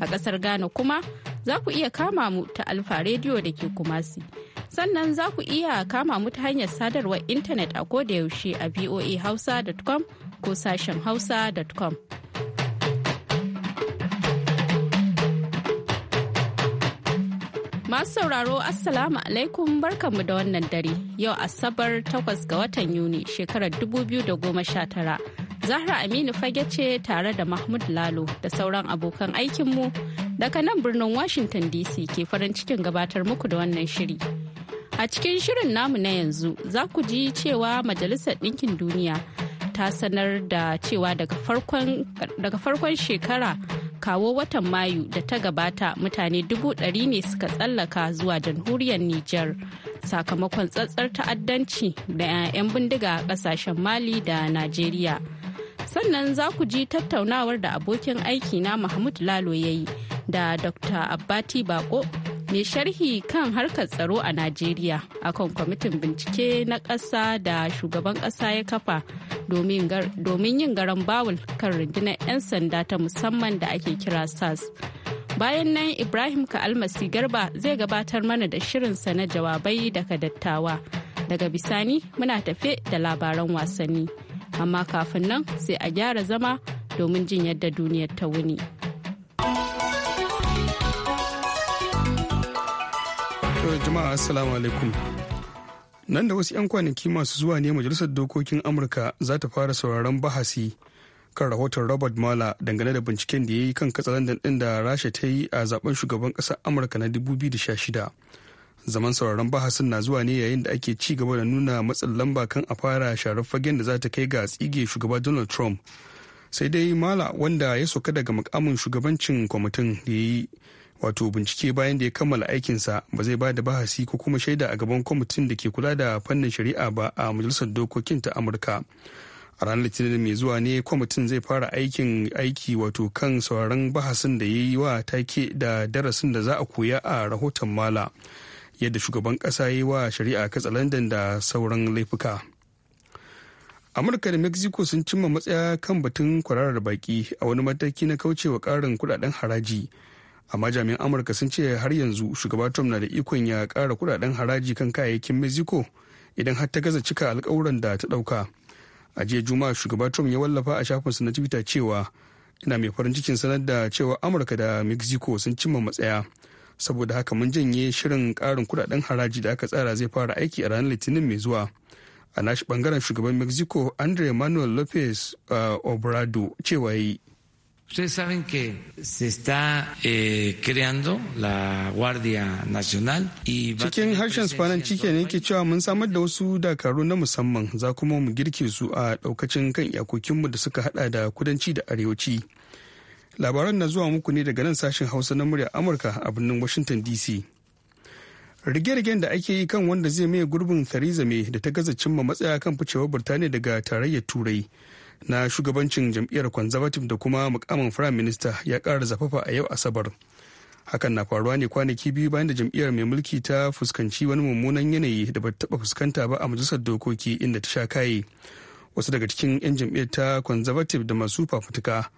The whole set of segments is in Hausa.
A ƙasar Ghana kuma za ku iya kama mu ta Alfa Radio da ke Kumasi. Sannan za ku iya kama mu ta hanyar sadarwar intanet a yaushe a voahausa.com ko sashen hausa.com. Masu sauraro Assalamu alaikum barkanmu da wannan dare yau Asabar 8 ga watan Yuni shekarar 2019 Zahra Aminu fage ce tare da Mahmud Lalo da sauran abokan aikinmu daga nan birnin Washington DC ke farin cikin gabatar muku da wannan shiri. A cikin shirin namu na yanzu za ku ji cewa Majalisar Ɗinkin Duniya ta sanar da cewa daga farkon shekara kawo watan Mayu da ta gabata mutane dubu ɗari ne suka tsallaka zuwa jamhuriyar Nijar sakamakon tsatsar ta'addanci da 'yan bindiga a ƙasashen Mali da Najeriya. sannan za ku ji tattaunawar da abokin aiki na Mahmud Lalo ya yi da Dr. Abbati Bako mai sharhi kan harkar tsaro a Najeriya akan kwamitin bincike na ƙasa da shugaban ƙasa ya kafa domin yin garan bawul kan rundunar 'yan sanda ta musamman da ake kira SAS. Bayan nan Ibrahim Ka'almasi Garba zai gabatar mana da shirinsa na jawabai daga dattawa. Daga bisani muna tafe da labaran wasanni. amma kafin nan sai a gyara zama domin jin yadda duniyar ta wuni. jama'a assalamu alaikum nan da wasu 'yan kwanaki masu zuwa ne majalisar dokokin amurka za ta fara sauraron bahasi kan rahoton robert mueller dangane da binciken da ya yi kan katsalandan din da rasha ta yi a zaben shugaban ƙasar amurka na 2016 zaman sauraron bahasin na zuwa ne yayin da ake ci gaba da nuna matsin lamba kan a fara sharar fagen da za ta kai ga tsige shugaba donald trump sai dai mala wanda ya soka daga mukamin shugabancin kwamitin da ya yi wato bincike bayan da ya kammala aikinsa ba zai ba da bahasi ko kuma shaida a gaban kwamitin da ke kula da fannin shari'a ba a majalisar dokokin ta amurka a ranar litinin mai zuwa ne kwamitin zai fara aikin aiki wato kan sauraron bahasin da ya yi wa take da darasin da za a koya a rahoton mala yadda shugaban ƙasa ya yi wa shari'a katsalandan da sauran laifuka amurka da mexico sun cimma matsaya kan batun kwararar baki a wani mataki na kaucewa karin kudaden haraji amma jami'an amurka sun ce har yanzu shugaba trump na da ikon ya kara kudaden haraji kan kayayyakin mexico idan har ta gaza cika alkawuran da ta dauka a jiya juma'a shugaba trump ya wallafa a shafinsa na twitter cewa ina mai farin cikin sanar da cewa amurka da mexico sun cimma matsaya saboda haka mun janye shirin karin kudaden haraji da aka tsara zai fara aiki a ranar litinin mai zuwa a nashi bangaren shugaban mexico andre manuel lopez uh, obrado cewa yi Ustedes saben eh, Cikin harshen Spananci ne ke cewa mun samar da wasu dakaru na musamman za kuma mu girke su a daukacin kan iyakokinmu da suka hada da kudanci da arewaci. labaran na zuwa muku ne daga nan sashen hausa na murya amurka a birnin washington dc rige-rigen da ake yi kan wanda zai maye gurbin theresa may da ta gaza cimma matsaya kan ficewar birtaniya daga tarayyar turai na shugabancin jam'iyyar conservative da kuma mukamin prime minister ya ƙara zafafa a yau asabar hakan na faruwa ne kwanaki biyu bayan da jam'iyyar mai mulki ta fuskanci wani mummunan yanayi da ba taɓa fuskanta ba a majalisar dokoki inda ta sha kaye wasu daga cikin 'yan jam'iyyar ta conservative da masu fafutuka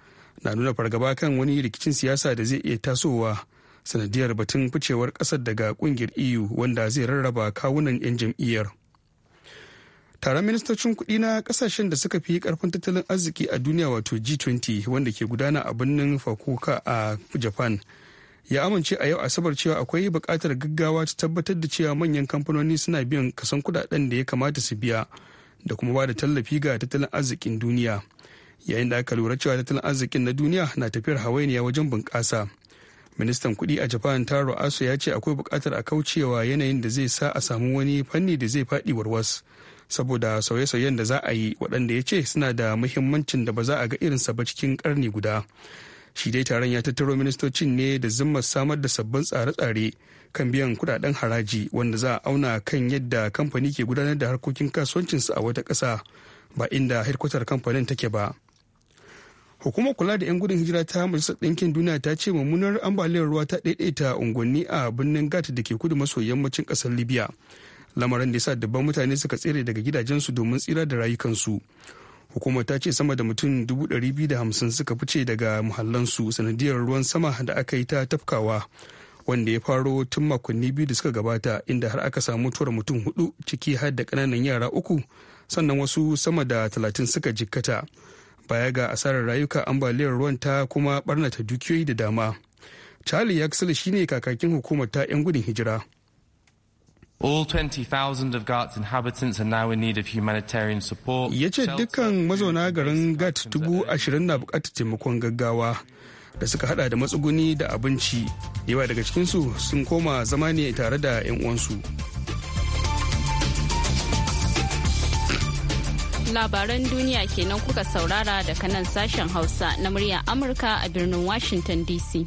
na nuna fargaba kan wani rikicin siyasa da zai iya tasowa sanadiyar batun ficewar kasar daga kungiyar eu wanda zai rarraba kawunan 'yan jam'iyyar taron ministocin kuɗi na ƙasashen da suka fi karfin tattalin arziki a duniya wato g20 wanda ke gudana a birnin fukuoka a japan ya amince a yau asabar cewa akwai buƙatar gaggawa ta tabbatar da cewa manyan kamfanoni suna biyan kasan kudaden da ya kamata su biya da kuma ba da tallafi ga tattalin arzikin duniya yayin da aka lura cewa tattalin arzikin na duniya na tafiyar hawainiya wajen bunƙasa ministan kuɗi a japan taro aso ya ce akwai buƙatar a kaucewa yanayin da zai sa a samu wani fanni da zai faɗi warwas saboda sauye-sauyen da za a yi waɗanda ya ce suna da muhimmancin da ba za a ga irinsa ba cikin ƙarni guda shi dai taron ya tattaro ministocin ne da zimmar samar da sabbin tsare-tsare kan biyan kudaden haraji wanda za a auna kan yadda kamfani ke gudanar da harkokin kasuwancinsu a wata ƙasa ba inda hedkwatar kamfanin take ba. hukumar kula da 'yan gudun hijira ta majalisar ɗinkin duniya ta ce mummunar ambaliyar ruwa ta ɗaiɗaita unguwanni a birnin gat da ke kudu maso yammacin ƙasar libya lamarin da sa dabban mutane suka tsere daga gidajensu domin tsira da rayukansu hukumar ta ce sama da mutum hamsin suka fice daga muhallansu sanadiyar ruwan sama da aka yi ta tafkawa wanda ya faro tun makonni biyu da suka gabata inda har aka samu mutuwar mutum hudu ciki har da kananan yara uku sannan wasu sama da talatin suka jikkata baya ga asarar rayuka ambaliyar ruwan ta kuma barnata dukiyoyi da dama charlie yaxel shine kakakin hukumar ta 'yan gudun hijira All 20,000 of Ghat's inhabitants are now in need of humanitarian support. Ya ce dukkan mazauna garin gat dubu ashirin na bukatar taimakon gaggawa da suka hada da matsuguni da abinci. Yawa daga cikinsu sun koma zama ne tare da 'yan uwansu. labaran duniya kenan kuka saurara daga nan sashen hausa na murya amurka a birnin washington dc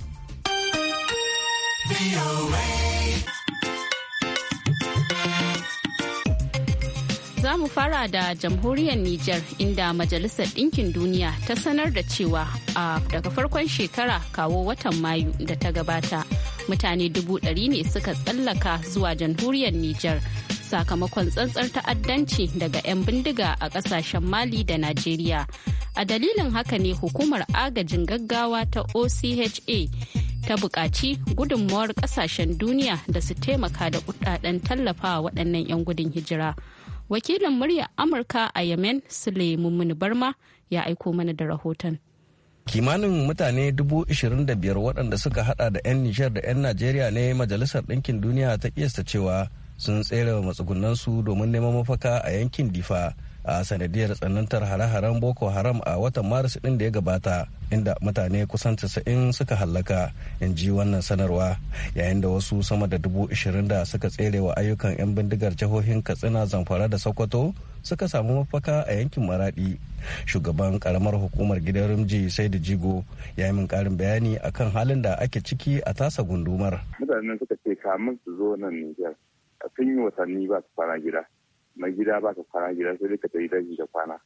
za mu fara da jamhuriyar Nijar inda Majalisar Ɗinkin Duniya ta sanar da cewa a daga farkon shekara kawo watan Mayu da ta gabata mutane dubu ɗari ne suka tsallaka zuwa jamhuriyar Nijar sakamakon tsantsar ta'addanci daga 'yan bindiga a kasashen mali da najeriya a dalilin haka ne hukumar agajin gaggawa ta ocha ta bukaci gudunmuwar kasashen duniya da su taimaka da kudaden tallafawa waɗannan 'yan gudun hijira wakilin murya amurka a yemen sule barma ya aiko mana da rahoton kimanin mutane 25,000 waɗanda suka hada da 'yan nijar da 'yan najeriya ne majalisar ɗinkin duniya ta kiyasta cewa sun tsere matsugunansu domin neman mafaka a yankin difa a sanadiyar tsanantar hare-haren boko haram a watan maris din da ya gabata inda mutane kusan 90 suka hallaka in ji wannan sanarwa yayin da wasu sama da dubu ishirin da suka tsere wa ayyukan 'yan bindigar jihohin katsina zamfara da sokoto suka samu mafaka a yankin maradi shugaban karamar hukumar gidan rumji sai da jigo ya yi min karin bayani akan halin da ake ciki a tasa gundumar mutanen suka ce kamun su zo nan nijar ka sun yi watanni ba ka kwana gida mai gida ba ka kwana gida sai dai ka yi daji da kwana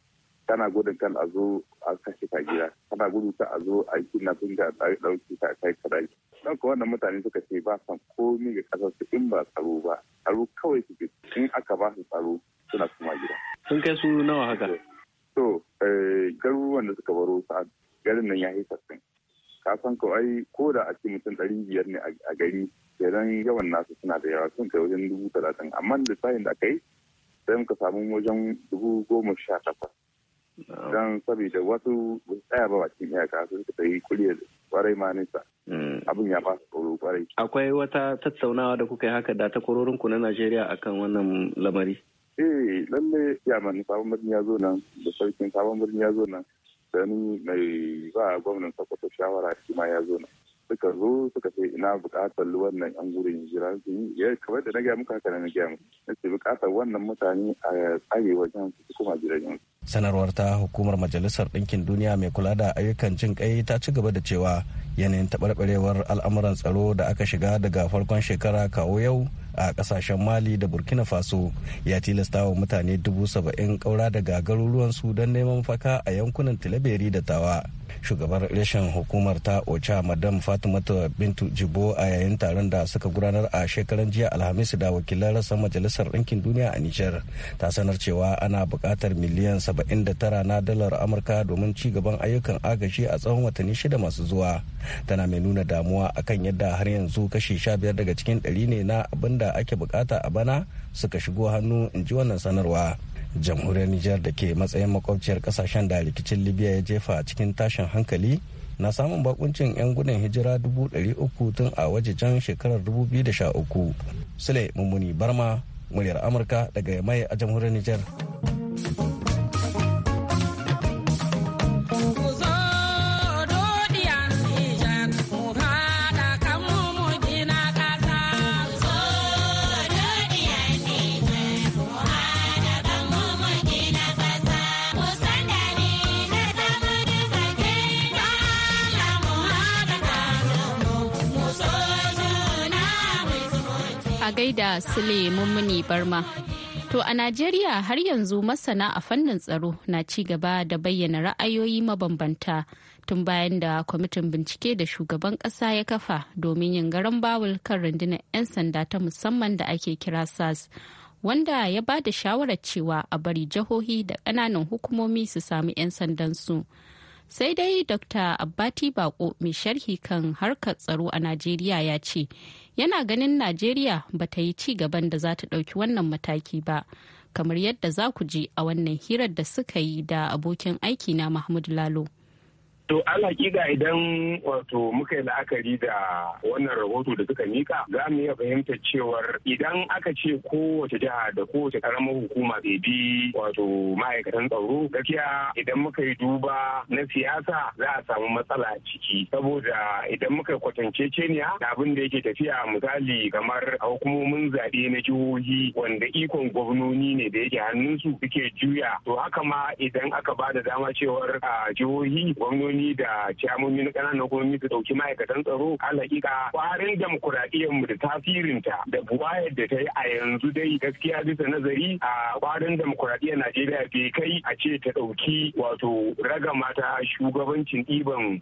kana gudun kan a zo a kashe ka gida kana gudu ka a zo a yi sun ka a ɗauki ka kai ka daji don ka wannan mutane suka ce ba san komi ga ƙasar su in ba tsaro ba tsaro kawai suke in aka ba su tsaro suna kuma gida. sun kai su nawa haka. to eh, garuruwan da suka baro su garin nan ya yi sassan ka san ko ai ko da a ce mutum ɗari biyar ne a gari kenan yawan nasu suna da yawa sun kai wajen dubu talatin amma sayin da aka yi sai muka samu wajen dubu goma sha takwas don saboda wasu tsaya ba bakin iyaka sun ka yi kuliyar kwarai ma nisa hmm. abin ya ba su tsoro kwarai. akwai wata tattaunawa da kuka yi haka da ta kororinku na najeriya akan wannan lamari. eh lalle ya mani sabon birni ya zo nan da sarkin sabon birni ya zo nan sani mai ba gwamnan sokoto shawara shi ma ya zo na suka zo suka ce ina bukatar wannan yan gurin hijira sun yi kamar da na gaya muka haka na gaya muku na ce bukatar wannan mutane a tsare wajen su kuma gidan yansu sanarwar ta hukumar majalisar ɗinkin duniya mai kula da ayyukan jin kai ta ci gaba da cewa yanayin taɓarɓarewar al'amuran tsaro da aka shiga daga farkon shekara kawo yau a ƙasashen mali da burkina faso ya tilasta wa mutane dubu saba'in ƙaura daga garuruwansu don neman faka a yankunan tilaberi da tawa shugabar reshen hukumar ta ocha madam fatimata bintu jibo a yayin taron da suka gudanar a shekaran jiya alhamis da wakilan rasa majalisar ɗinkin duniya a nijar ta sanar cewa ana buƙatar miliyan 79 na dalar amurka domin ci gaban ayyukan agashi a tsawon watanni shida masu zuwa tana mai nuna damuwa akan yadda har yanzu kashi 15 daga cikin 100 ne na abinda ake bukata a bana suka shigo hannu in ji wannan sanarwa jamhuriyar nijar da ke matsayin makwabciyar kasashen da rikicin libya ya jefa cikin tashin hankali na samun bakuncin 'yan gudun hijira 300 tun a wajejen shekarar 2013 sule mummuni barma muryar amurka daga mai a jamhuriyar nijar da Sule Mummuni Barma. To a Najeriya har yanzu masana a fannin tsaro na ci gaba da bayyana ra'ayoyi mabambanta tun bayan da kwamitin bincike da shugaban ƙasa ya kafa domin yin garan bawul kan rundunar 'yan sanda ta musamman da ake kira SAS. Wanda ya ba da shawarar cewa a bari jihohi da ƙananan hukumomi su sami 'yan sandansu. sai dai dr abbati bako mai sharhi kan harkar tsaro a najeriya ya ce yana ganin najeriya ba ta yi ci gaban da za ta ɗauki wannan mataki ba kamar yadda za ku ji a wannan hirar da suka yi da abokin aiki na mahmud lalo To alhaƙiƙa idan wato muka yi la'akari da wannan rahoto da suka mika za mu iya fahimta cewar idan aka ce kowace jiha da kowace karamar hukuma zai bi wato ma'aikatan tsaro gaskiya idan muka yi duba na siyasa za a samu matsala ciki saboda idan muka kwatance ceniya da abin da yake tafiya misali kamar a hukumomin zaɓe na jihohi wanda ikon gwamnoni ne da yake hannunsu suke juya to haka ma idan aka ba da dama cewar a jihohi gwamnoni gwamnoni da ciyamomi na ƙananan hukumomi su ɗauki ma'aikatan tsaro alaƙiƙa kwarin demokuraɗiyyar mu da tasirinta da buwayar da ta yi a yanzu dai gaskiya bisa nazari a ƙwarin demokuraɗiyyar Najeriya bai kai a ce ta ɗauki wato ragama ta shugabancin ɗiban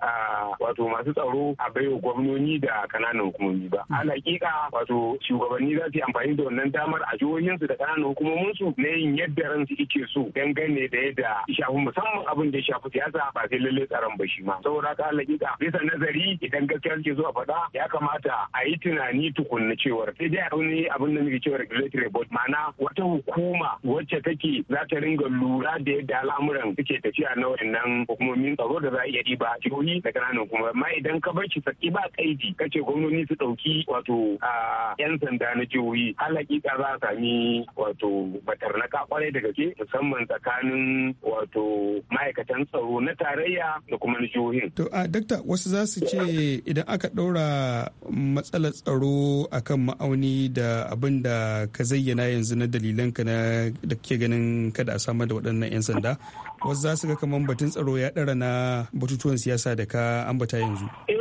wato masu tsaro a baiwa gwamnoni da ƙananan hukumomi ba. Hmm. Alaƙiƙa wato shugabanni za su yi amfani da wannan damar a jihohinsu da ƙananan hukumominsu na yin yadda ransu ike so dangane da yadda shafi musamman abin da shafi siyasa ba sai lallai tsaron ba shi ma saboda ka Allah kika bisa nazari idan gaskiya suke zuwa faɗa ya kamata a yi tunani tukunna cewar sai dai wani abin da muke cewa regulatory board ma'ana wata hukuma wacce take za ta ringa lura da yadda al'amuran suke tafiya na wannan hukumomin tsaro da za a iya ɗiba jihohi da ƙananan kuma amma idan ka bar shi saki ba kaidi kace gwamnoni su ɗauki wato yan sanda na jihohi halakika za a sami wato batarnaka kwarai da gaske musamman tsakanin wato ma'aikatan tsaro na tarayya da kuma sauran To a dakta wasu za su ce idan aka ɗaura matsalar tsaro akan ma'auni da abin da ka zayyana yanzu na dalilanka na da ke ganin kada a samar da waɗannan 'yan sanda wasu za su ga kamar batun tsaro ya ɗara na batutuwan siyasa da ka ambata yanzu. Eh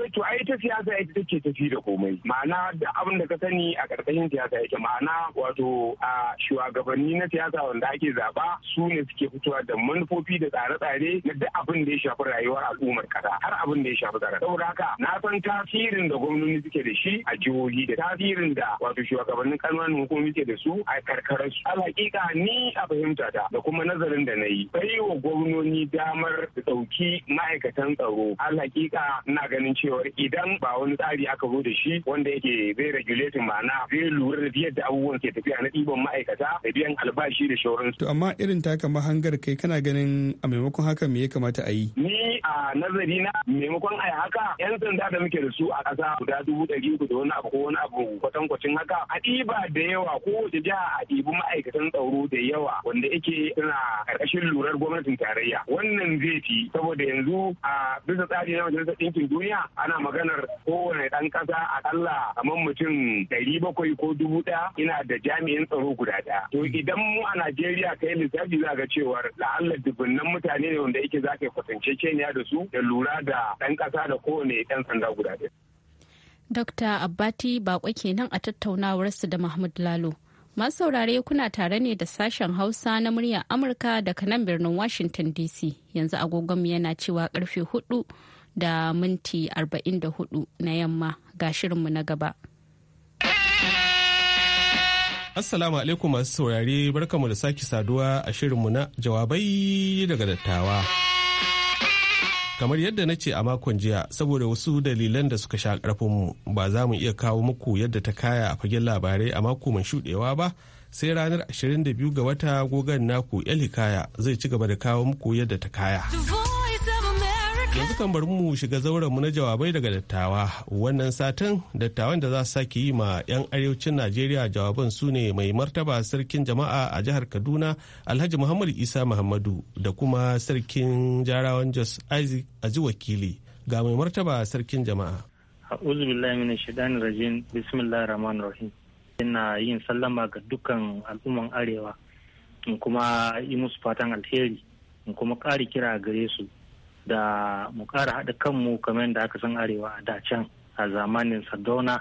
ita siyasa ita take tafi da komai ma'ana da abin da ka sani a ƙarƙashin siyasa yake ma'ana wato a shugabanni na siyasa wanda ake zaba su ne suke fitowa da manufofi da tsare-tsare na duk abin da ya shafi rayuwar al'ummar ƙasa har abin da ya shafi tsare saboda haka na san tasirin da gwamnoni suke da shi a jihohi da tasirin da wato shugabannin kalmanin hukumomi ke da su a karkararsu al hakika ni a fahimta ta da kuma nazarin da na yi bai wa gwamnoni damar da ɗauki ma'aikatan tsaro a hakika ina ganin cewa idan idan ba wani tsari aka zo da shi wanda yake zai regulatin ma'ana zai lura da yadda abubuwan ke tafiya na ɗiban ma'aikata da biyan albashi da shauransu. To amma irin taka mahangar kai kana ganin a maimakon haka me ya kamata a yi? Ni a nazari na maimakon a haka 'yan sanda da muke da su a ƙasa guda dubu ɗari uku da wani abu ko wani abu kwatankwacin haka a ɗiba da yawa ko da jiha a ɗibi ma'aikatan tsaro da yawa wanda yake suna ƙarƙashin lurar gwamnatin tarayya wannan zai fi saboda yanzu a bisa tsari na majalisar ɗinkin duniya ana magana maganar kowane ɗan ƙasa akalla kamar mutum ɗari bakwai ko dubu ɗaya ina da jami'in tsaro guda ɗaya. To idan mu a Najeriya kai lissafi za ga cewar la'allar dubunnan mutane ne wanda yake za ka yi kenya da su da lura da ɗan ƙasa da kowane ɗan sanda guda ɗaya. Dokta Abbati Bako kenan a tattaunawarsu da Mahmud Lalo. Masu saurare kuna tare ne da sashen Hausa na muryar Amurka daga nan birnin Washington DC. Yanzu agogonmu yana cewa karfe hudu da minti 44 na yamma ga shirinmu na gaba. Assalamu alaikum masu saurare barkamu da sake saduwa a shirinmu na jawabai daga dattawa. Kamar yadda na ce a makon jiya saboda wasu dalilan da suka sha mu ba za mu iya kawo muku yadda ta kaya a fagen labarai a mako mai shuɗewa ba sai ranar 22 ga wata gogon naku hikaya zai ci gaba da kawo muku yadda ta kaya. yanzu kan bari mu shiga zauren mu na jawabai daga dattawa wannan satin dattawan da za su sake yi ma 'yan arewacin najeriya jawaban su ne mai martaba sarkin jama'a a jihar kaduna alhaji muhammadu isa muhammadu da kuma sarkin jarawan jos isaac aji wakili ga mai martaba sarkin jama'a ina yin sallama ga dukkan al'umman arewa in kuma yi musu fatan alheri in kuma ƙari kira gare su da mu ƙara haɗa kanmu kamar yadda aka san arewa a da can a zamanin sardauna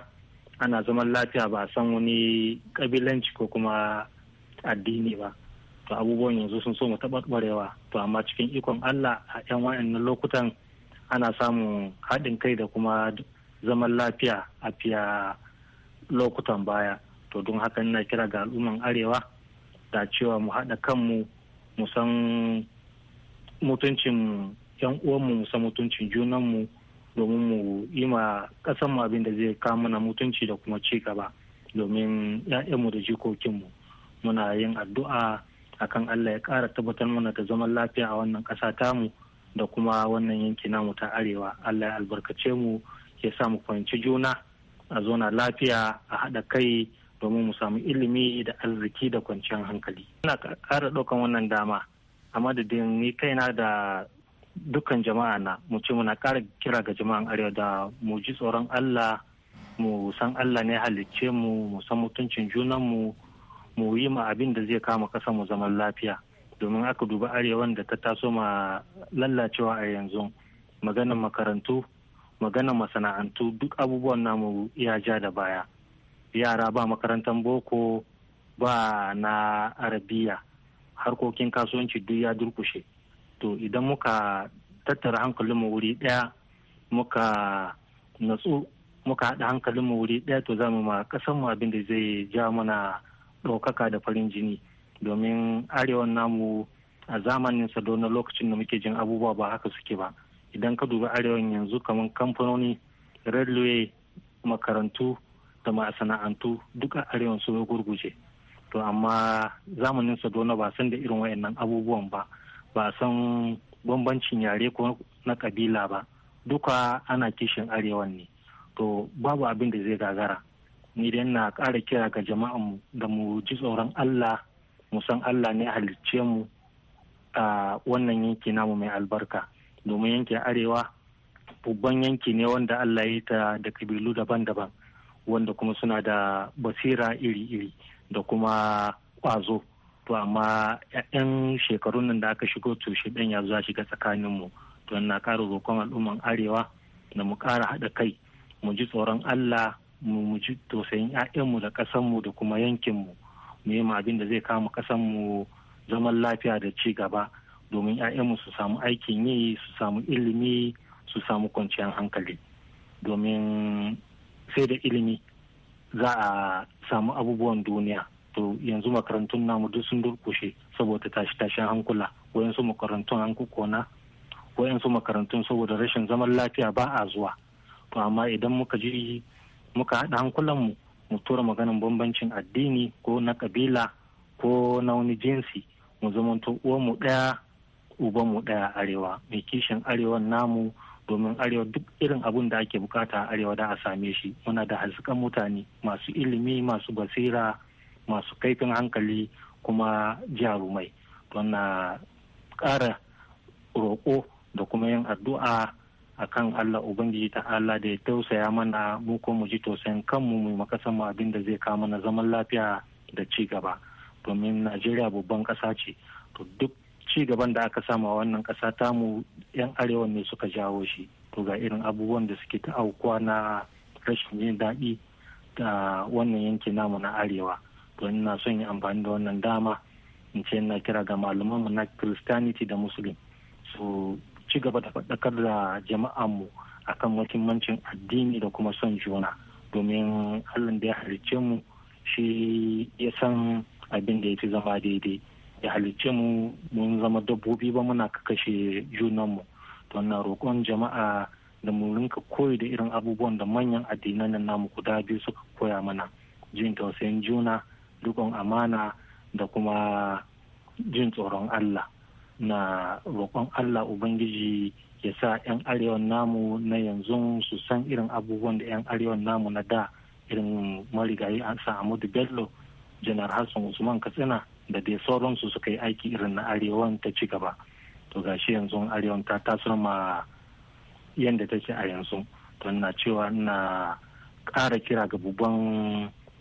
ana zaman lafiya ba a san wani ƙabilanci ko kuma addini ba to abubuwan yanzu sun so mu ɓarewa to amma cikin ikon allah a 'yan wa'annan lokutan ana samun haɗin kai da kuma zaman lafiya a fiya lokutan baya to don haka ina kira ga al'umman arewa da cewa mu haɗa kanmu mu san mutuncin 'yan uwanmu mu san mutuncin junanmu domin mu yi ma kasan mu abin da zai kawo mana mutunci da kuma ci gaba domin mu da jikokin mu muna yin addu'a akan Allah ya ƙara tabbatar mana da zaman lafiya a wannan ƙasa tamu da kuma wannan yanki namu ta arewa Allah ya albarkace mu ya sa mu fahimci juna a zona lafiya a haɗa kai domin mu samu ilimi da arziki da kwanciyar hankali. Ina ƙara ɗaukan wannan dama a madadin ni kaina da dukkan jama'a na mu ce muna ƙara kira ga jama'an arewa da mu ji tsoron allah mu san allah ne halicce mu mu san mutuncin junan mu mu yi ma abin da zai kama ƙasar mu zaman lafiya domin aka duba arewan da ta taso ma lallacewa a yanzu maganan makarantu maganan masana'antu duk abubuwan namu ya ja da baya yara ba makarantar boko ba na arabiya harkokin kasuwanci duk ya durkushe to idan muka tattara hankalinmu wuri ɗaya muka natsu muka haɗa mu wuri ɗaya to za mu ma mu abin da zai ja mana ɗaukaka da farin jini domin arewan namu a zamanin sa na lokacin da muke jin abubuwa ba haka suke ba idan ka duba arewan yanzu kamar kamfanoni railway makarantu da masana'antu duk a arewan su gurguje to amma zamanin sa na ba san da irin wayannan abubuwan ba ba san bambancin yare ko na kabila ba duka ana kishin arewan ne to babu abin da zai gagara ni dai na ƙara kira ga jama'an da mu ji tsoron Allah mu san Allah ne halicce mu a wannan yanki namu mai albarka domin yankin arewa babban yanki ne wanda Allah ya ta da kabilu daban-daban wanda kuma suna da basira iri-iri da kuma ƙwazo. to amma yan shekarun nan da aka shigo to shi ya zo shiga tsakanin mu to na ƙara roƙon al'umman arewa da mu ƙara haɗa kai mu ji tsoron allah mu ji tausayin mu da mu da kuma yankin mu mu yi abin da zai kama mu zaman lafiya da ci gaba domin 'ya'yanmu su samu aikin yi su samu ilimi su samu kwanciyar hankali domin sai da ilimi za a samu abubuwan duniya to yanzu makarantun namu duk sun durkushe saboda tashi-tashin hankula wayansu makarantun an kukona wayansu makarantun saboda rashin zaman lafiya ba a zuwa to amma idan muka ji muka haɗa hankulan mu mu tura maganin bambancin addini ko na kabila ko na wani jinsi mu zamanto uwanmu ɗaya mu ɗaya arewa mai kishin arewa namu domin arewa duk irin abun da ake bukata a arewa da a same shi muna da haskan mutane masu ilimi masu basira masu kaifin hankali kuma jarumai don na ƙara roƙo da kuma yin addu'a a kan Allah Ubangiji ta Allah da ya tausaya mana mu ko mu ji tausayin kanmu mu makasan mu abin da zai kama na zaman lafiya da cigaba domin Najeriya babban ƙasa ce to duk ci gaban da aka sama wannan ƙasa mu 'yan arewa ne suka jawo shi to ga irin abubuwan da suke ta aukuwa na rashin yin daɗi da wannan yanki namu na arewa to na son yi amfani da wannan dama in ce na kira ga malamanmu na christianity da muslim su ci gaba da faɗakar da jama'anmu akan muhimmancin addini da kuma son juna domin allah da ya halicce mu shi ya san abin da ya fi zama daidai ya halicce mu mun zama dabbobi ba muna kakashe junanmu to na roƙon jama'a da mu rinka koyi da irin abubuwan da manyan addinan nan namu guda biyu suka koya mana jin tausayin juna rikon amana da kuma jin tsoron Allah na roƙon Allah Ubangiji ya sa 'yan arewan namu na yanzu su san irin abubuwan da 'yan arewan namu na da irin marigayi a sa Amadu Bello janar Hassan Usman Katsina da dai sauransu suka yi aiki irin na arewan ta ci gaba to gashi yanzu arewan ta tasar ma yadda take a yanzu to na cewa na ƙara kira ga bubban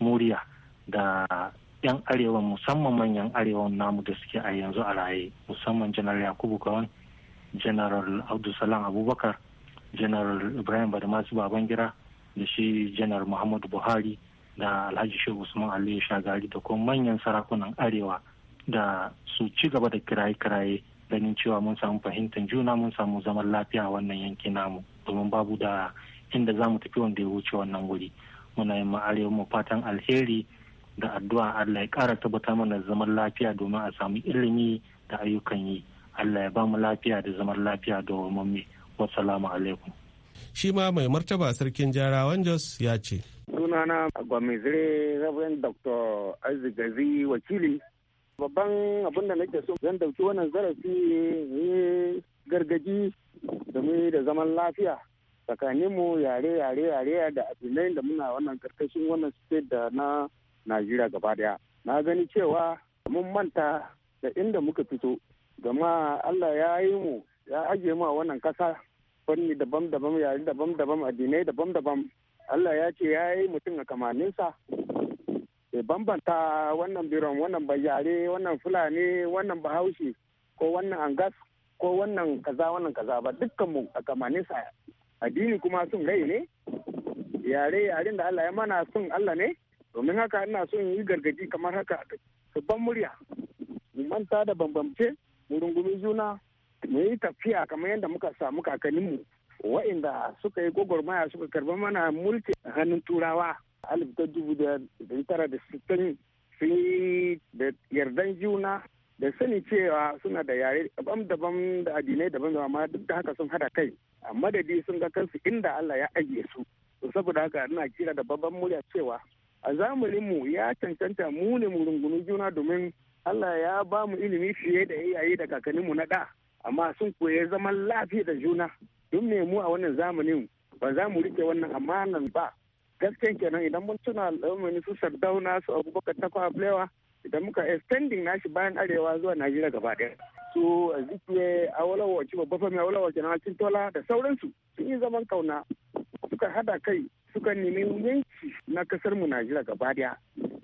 muriya da 'yan arewa musamman manyan arewa namu da suke a yanzu a raye musamman janar yakubu gawan general abdulsalam abubakar janar ibrahim badamasu babangira da shi janar muhammadu buhari da alhaji shehu usman aliyu shagari da kuma manyan sarakunan arewa da su ci gaba da kiraye-kiraye ganin cewa mun samu fahimtar juna mun samu zaman lafiya a wannan yanki namu domin babu da inda za mu tafi wanda ya wuce wannan wuri muna yin arewa mu fatan alheri da addu'a Allah ya ƙara tabbata mana zaman lafiya domin a samu ilimi da ayyukan yi Allah ya ba mu lafiya da zaman lafiya da wamamme wassalamu alaikum shi ma mai martaba sarkin jarawan jos ya ce sunana gwamizire rabin dr azigazi wakili babban abin da nake so zan dauki wannan zarafi ne gargaji domin da zaman lafiya tsakaninmu yare yare yare da abinai da muna wannan karkashin wannan state da na najeriya gaba daya na gani cewa mun manta da inda muka fito gama allah ya yi mu ya ajiye mu a wannan kasa fanni daban-daban yare daban-daban addinai daban-daban allah ya ce ya yi mutum a kamaninsa bai bambanta wannan biron wannan bayare wannan fulani wannan bahaushe ko wannan angas ko wannan kaza wannan kaza ba dukkanmu a kamaninsa addini kuma sun rai ne yare yaren da allah ya mana sun allah ne domin haka ina so in yi gargaji kamar haka babban murya mu manta da bambamce mu rungumi juna mu yi tafiya kamar yadda muka samu kakanninmu wa'inda suka yi gwagwarmaya suka karba mana mulki hannun turawa alif ta dubu da tara da sittin sun yi da yardan juna da sani cewa suna da yare daban-daban da addinai daban-daban amma duk da haka sun hada kai a madadi sun ga kansu inda Allah ya ajiye su saboda haka ina kira da babban murya cewa a zamaninmu ya cancanta mu ne mu rungunu juna domin Allah ya ba mu ilimi fiye da iyaye da kakanninmu na da amma sun koya zaman lafiya da juna don me mu a wannan zamanin ba za mu rike wannan amanan ba gaskiyan kenan idan mun tuna al'ummani su sardauna su abubakar takwa flewa idan muka extending nashi bayan arewa zuwa najeriya gaba daya su a awalawa ci babba fami awalawa kenan tola da sauransu sun yi zaman kauna suka hada kai suka nemi yanki na kasar mu najeriya gaba daya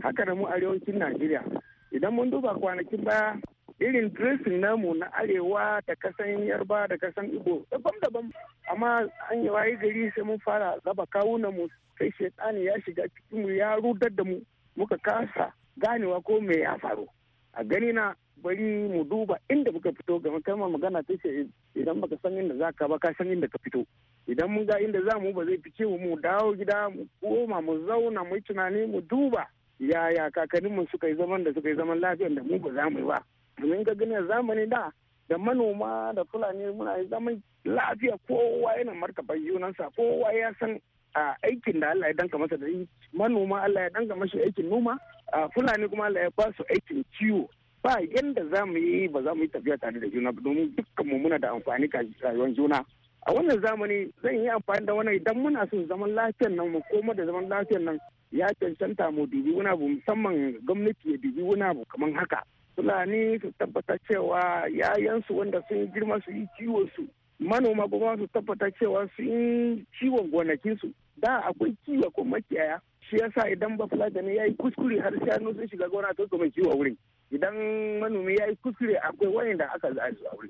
haka da mu arewacin najeriya idan mun duba kwanakin baya irin dressing namu na arewa da kasan yarba da kasan igbo daban-daban amma an yi waye gari sai mun fara raba kawunan mu sai shaitani ya shiga cikin mu ya rudar da mu muka kasa ganewa ko me ya faru a gani na bari mu duba inda muka fito game kalmar magana ta ce idan baka san inda za ka ba ka san inda ka fito idan mun ga inda za mu ba zai fice mu dawo gida mu koma mu zauna mu yi tunani mu duba yaya kakanninmu suka yi zaman da suka yi zaman lafiyar da mu ba za mu yi ba domin ga ganin zamani da da manoma da fulani muna yi zaman lafiya kowa yana martaba junansa kowa ya san a aikin da Allah ya danka masa da yi manoma Allah ya danka masa aikin noma a fulani kuma Allah ya ba su aikin ciwo. ba yadda za mu yi ba za mu yi tafiya tare da juna domin dukkan mu muna da amfani ga rayuwar juna a wannan zamani zan yi amfani da wannan idan muna son zaman lafiyar nan mu koma da zaman lafiyar nan ya cancanta mu dubi wani abu musamman gwamnati ya dubi wani abu kamar haka fulani su tabbata cewa yayansu wanda sun girma su yi ciwon su manoma ba su tabbata cewa sun gonakin su da akwai kiwo ko makiyaya shi yasa idan ba fulani ya yi kuskure har shanu sun shiga gona to mai kiwo wurin idan manomi ya yi kuskure akwai wayanda aka za a aure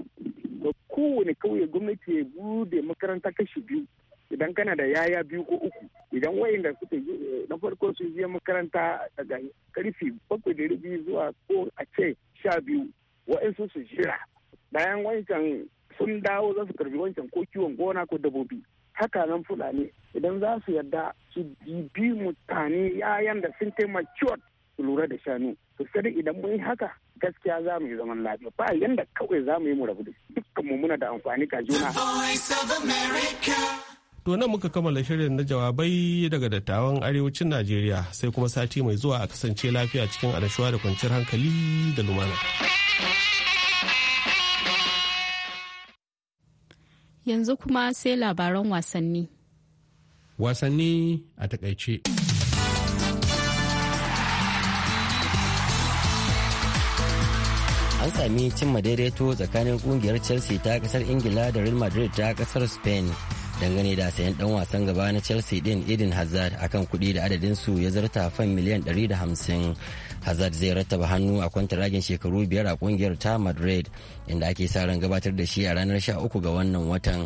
to kowane kauye gwamnati ya bude makaranta kashi biyu idan kana da yaya biyu ko uku idan wayanda suka eh, na farko su je makaranta daga karfi bakwai da rabi zuwa ko a ce sha biyu wa'insu su jira bayan wancan sun dawo za su karbi wancan ko kiwon gona ko dabobi haka nan fulani idan za su yarda su bibi mutane yayan da sun taimaki su lura da shanu to sai idan mun yi haka gaskiya za mu yi zaman lafiya ba yanda kawai za mu yi mu rabu da dukkan mu muna da amfani ga juna To nan muka kammala shirin na jawabai daga dattawan arewacin Najeriya sai kuma sati mai zuwa a kasance lafiya cikin annashuwa da kwanciyar hankali da lumana. Yanzu kuma sai labaran wasanni. Wasanni a takaice. sami cin daidaito tsakanin kungiyar chelsea ta kasar ingila da real madrid ta kasar spain dangane da sayan dan wasan gaba na chelsea din eden hazard akan kuɗi da adadin su ya zarta fan miliyan 150 hazard zai rattaba hannu a ragin shekaru biyar a kungiyar ta madrid inda ake sa ran gabatar da shi a ranar 13 ga wannan watan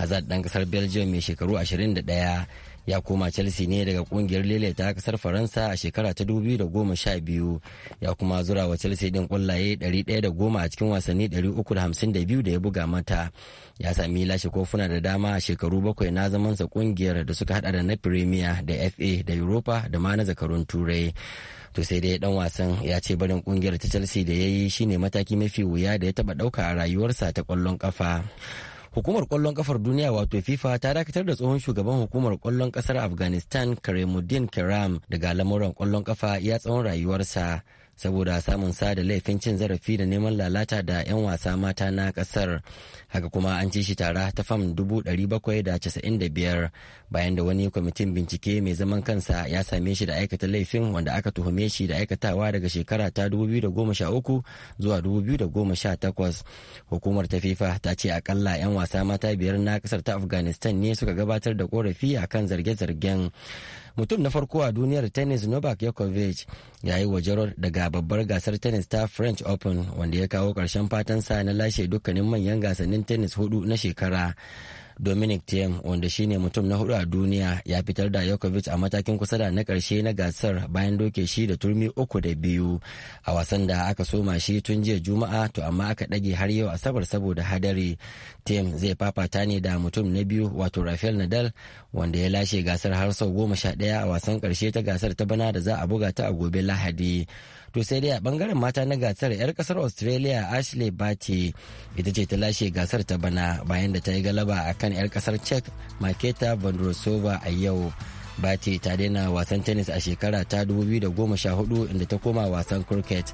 hazard dan kasar belgium mai shekaru 21 ya koma chelsea ne daga kungiyar lele ta kasar faransa a shekara ta 2012 ya kuma zura wa chelsea din kwallaye 110 a cikin wasanni 352 da ya buga mata ya sami lashe kofuna da dama a shekaru bakwai na zamansa kungiyar da suka hada da na premier da fa da europa da ma na zakarun turai to sai dai dan wasan ya ce barin kungiyar ta chelsea da ya yi shine mataki mafi wuya da ya taba dauka a rayuwarsa ta kwallon kafa Hukumar kwallon kafar duniya wato FIFA ta dakatar da tsohon shugaban hukumar kwallon kasar Afghanistan karimuddin Kiram daga lamuran kwallon kafa ya tsawon rayuwarsa. saboda samun sa da laifin cin zarafi da neman lalata da 'yan wasa mata na kasar haka kuma an ci shi tara ta fam 795 bayan da wani kwamitin bincike mai zaman kansa ya same shi da aikata laifin wanda aka tuhume shi da aikatawa daga shekara ta 2013 zuwa 2018 hukumar ta fifa ta ce akalla 'yan wasa mata biyar na kasar ta afghanistan ne suka gabatar da korafi kan zarge-zargen mutum na farko a duniyar tennis novak yakovic ya yi wajarar daga babbar gasar tennis ta french open wanda ya kawo ƙarshen fatansa na lashe dukkanin manyan gasannin tennis hudu na shekara dominic thiem wanda shine mutum na hudu a duniya ya fitar da yokovic a matakin kusa da na karshe na gasar bayan doke shi da turmi uku da biyu a wasan da aka soma shi tun jiya juma'a to amma aka dage har yau asabar saboda hadari thiem zai fafata ne da mutum na biyu wato rafael nadal wanda ya lashe gasar har sau goma sha ɗaya a wasan karshe ta gasar ta bana da za a buga ta a gobe lahadi to sai dai a bangaren mata na gasar 'yar kasar australia ashley bati ita ce ta lashe gasar ta bana bayan da ta yi galaba a kan 'yar kasar czech maketa vondrosova a yau bati ta daina wasan tennis a shekara ta 2014 inda ta koma wasan cricket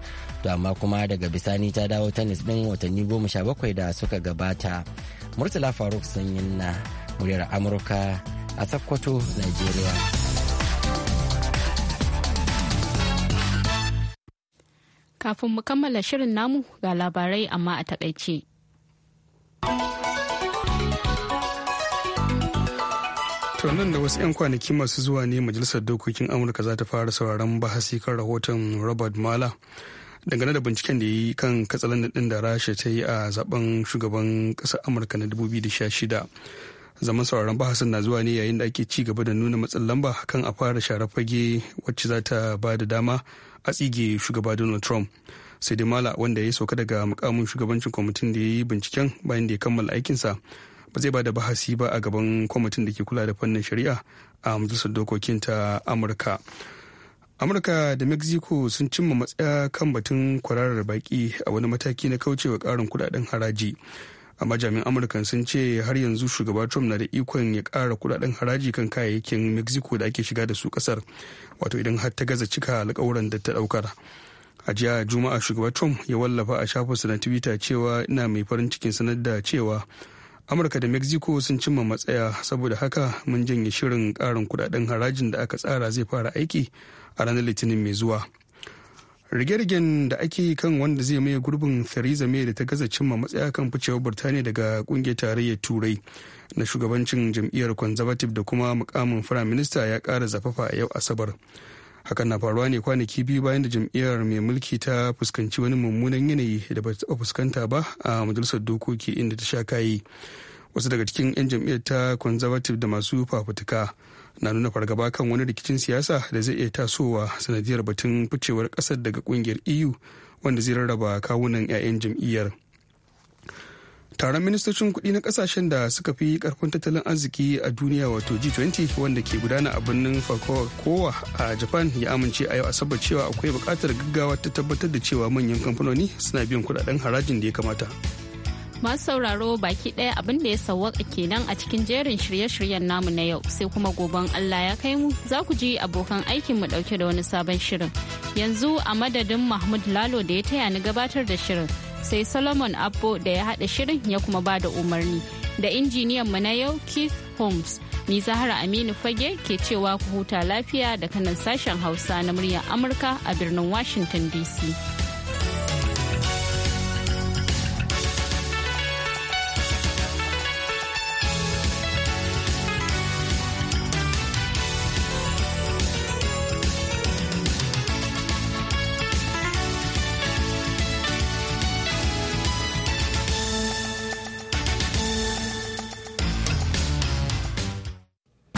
to amma kuma daga bisani ta dawo tennis din watanni 17 da suka gabata murtala faruk sanyin na muryar amurka a sakkwato nigeria Kafin mu kammala shirin namu ga labarai amma a takaice. nan da wasu 'yan kwanaki masu zuwa ne majalisar dokokin amurka za ta fara sauraron bahasi kan rahoton robert mala dangane da binciken da ya yi kan katsalan din da rasha ta yi a zaben shugaban ƙasar amurka na 2016 zaman sauraron bahasin na zuwa ne yayin da ake ci gaba da nuna matsin lamba kan a fara share fage wacce za ta ba da dama a tsige shugaba donald trump sai dai mala wanda ya sauka daga mukamin shugabancin kwamitin da ya yi binciken bayan da ya kammala aikinsa ba zai ba da bahasi ba a gaban kwamitin da ke kula da fannin shari'a a majalisar dokokin ta amurka amurka da mexico sun cimma matsaya kan batun kwararar baki a wani mataki na kaucewa karin kudaden haraji amma jami'an amurka sun ce har yanzu shugaba trump na da ikon ya kara kudaden haraji kan kayayyakin mexico da ake shiga da su kasar wato idan har ta gaza cika alkawuran da ta daukar a jiya juma'a shugaba trump ya wallafa a shafinsa na twitter cewa ina mai farin cikin sanar da cewa amurka da mexico sun cimma matsaya saboda haka mun janye shirin karin kudaden harajin da aka tsara zai fara aiki a ranar litinin mai zuwa rige-rigen da ake kan wanda zai maye gurbin theresa may da ta gaza cimma matsaya kan ficewar birtaniya daga kungiyar tarayyar turai na shugabancin jam'iyyar conservative da kuma mukamin prime minister ya kara zafafa a yau asabar hakan na faruwa ne kwanaki biyu bayan da jam'iyyar mai mulki ta fuskanci wani mummunan yanayi da ba taɓa fuskanta ba a majalisar dokoki inda ta sha kayi wasu daga cikin 'yan jam'iyyar ta conservative da masu fafutuka na nuna fargaba kan wani rikicin siyasa da zai iya tasowa sanadiyar batun ficewar kasar daga kungiyar eu wanda zai rarraba kawunan 'ya'yan jam'iyyar taron ministocin kuɗi na kasashen da suka fi karfin tattalin arziki a duniya wato g20 wanda ke gudana a birnin kowa a japan ya amince a yau asabar cewa akwai bukatar gaggawa ta tabbatar da cewa manyan kamfanoni suna biyan kudaden harajin da ya kamata Masu sauraro baki ɗaya abin da ya sawwaka kenan a cikin jerin shirye-shiryen namu na yau sai kuma goben Allah ya kai mu za ku ji abokan aikin mu ɗauke da wani sabon shirin. Yanzu a madadin Mahmud Lalo da ya taya ni gabatar da shirin sai Solomon Abbo da ya haɗa shirin ya kuma ba da umarni da injiniyan mu na yau Keith Holmes. Ni Zahara Aminu Fage ke cewa ku huta lafiya da kanan sashen Hausa na muryar Amurka a birnin Washington DC.